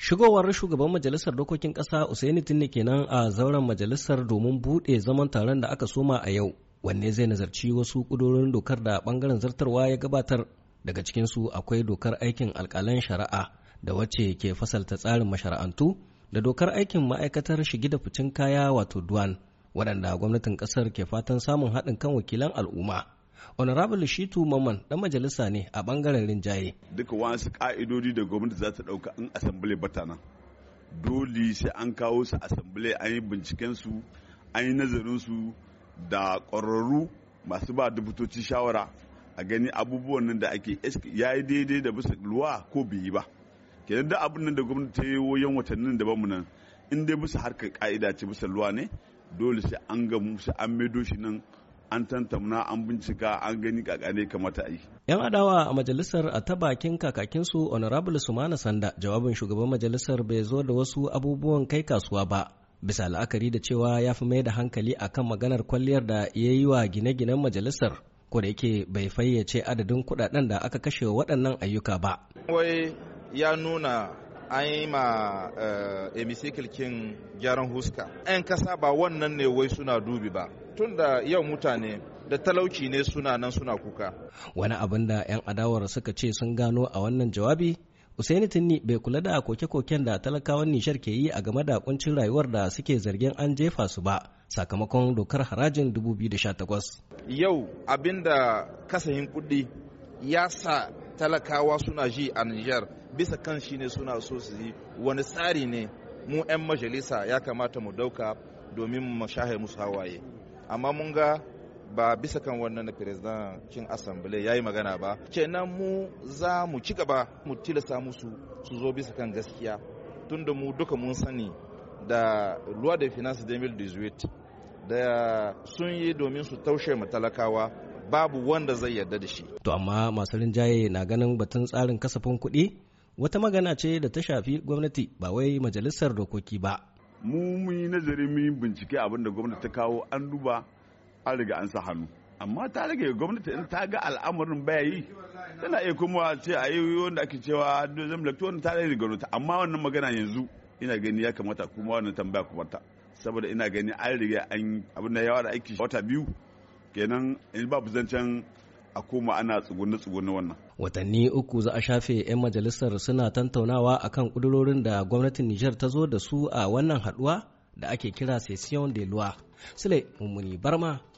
shigowar shugaban majalisar dokokin ƙasa usaini tinne kenan a zauren majalisar domin buɗe zaman taron da aka soma a yau wanne zai nazarci wasu ƙudurorin dokar da ɓangaren zartarwa ya gabatar daga cikinsu akwai dokar aikin alƙalan shari'a da wacce ke fasalta tsarin mashara'antu da dokar aikin ma'aikatar shige da ficin kaya wato duwan waɗanda gwamnatin ƙasar ke fatan samun haɗin kan wakilan al'umma. Honorable Shitu Maman ɗan majalisa ne a ɓangaren rinjaye. Duka wasu ƙa'idodi da gwamnati za ta ɗauka in asambile bata nan. Dole sai an kawo su asambile an yi binciken su, an yi nazarin su da ƙwararru masu ba dubutoci shawara a gani abubuwan nan da ake ya yi daidai da bisa luwa ko bai yi ba. Kenan da abin nan da gwamnati ta yi wayan watannin da bamu nan in dai bisa harkar ka'ida ce bisa luwa ne dole sai an gamu sai an maido shi nan an tantamna an bincika an gani kakane kamata a yi. Yan adawa a majalisar a ta bakin kakakinsu Honorable Sumana Sanda jawabin shugaban majalisar bai zo da wasu abubuwan kai kasuwa ba. Bisa la'akari da cewa ya fi mai da hankali akan maganar kwalliyar da ya yi wa gine-ginen majalisar ko da yake bai fayyace adadin kudaden da aka kashe waɗannan ayyuka ba. Wai ya nuna an yi ma emisikilkin eh, gyaran huska 'yan kasa ba wannan ne wai suna dubi ba tun da yau mutane da talauci ne suna nan suna kuka wani abin da 'yan adawar suka ce sun gano a wannan jawabi Usaini Tinni bai kula da koke-koken da talakawan Nishar ke yi a game da kuncin rayuwar da suke zargin an jefa su ba sakamakon dokar harajin 2018. Yau abinda kasahin kuɗi ya sa talakawa suna ji a Nijar bisa kan shi ne suna so su yi wani tsari ne mu 'yan majalisa ya kamata mu dauka domin mu shahe musu hawaye amma mun ga ba bisa kan wannan na kin asambile ya yi magana ba kenan mu za mu ci gaba mu tilasta musu su zo bisa kan gaskiya tunda mu duka mun sani da ruwa da finance 2018 da sun yi domin su taushe talakawa babu wanda zai yarda da shi to amma masu rinjaye na ganin batun tsarin kasafin kuɗi wata magana ce da ta shafi gwamnati ba wai majalisar dokoki ba. Mu mun yi nazari mun yi bincike abin da gwamnati ta kawo an duba an riga an sa hannu. Amma ta rage gwamnati in ta ga al'amarin bayayi, yi tana iya kuma ce a yi wanda ake cewa dozin lakto wanda ta rage gwamnati amma wannan magana yanzu ina gani ya kamata kuma wannan tambaya kuma ta saboda ina gani an riga an abin da yawa da aiki wata biyu kenan in babu zancen a koma ana tsugunni tsugunni wannan watanni uku za a shafe 'yan majalisar suna tantaunawa akan kudurorin da gwamnatin Nijar ta zo da su a wannan haɗuwa da ake kira session de loi sule mummuni barma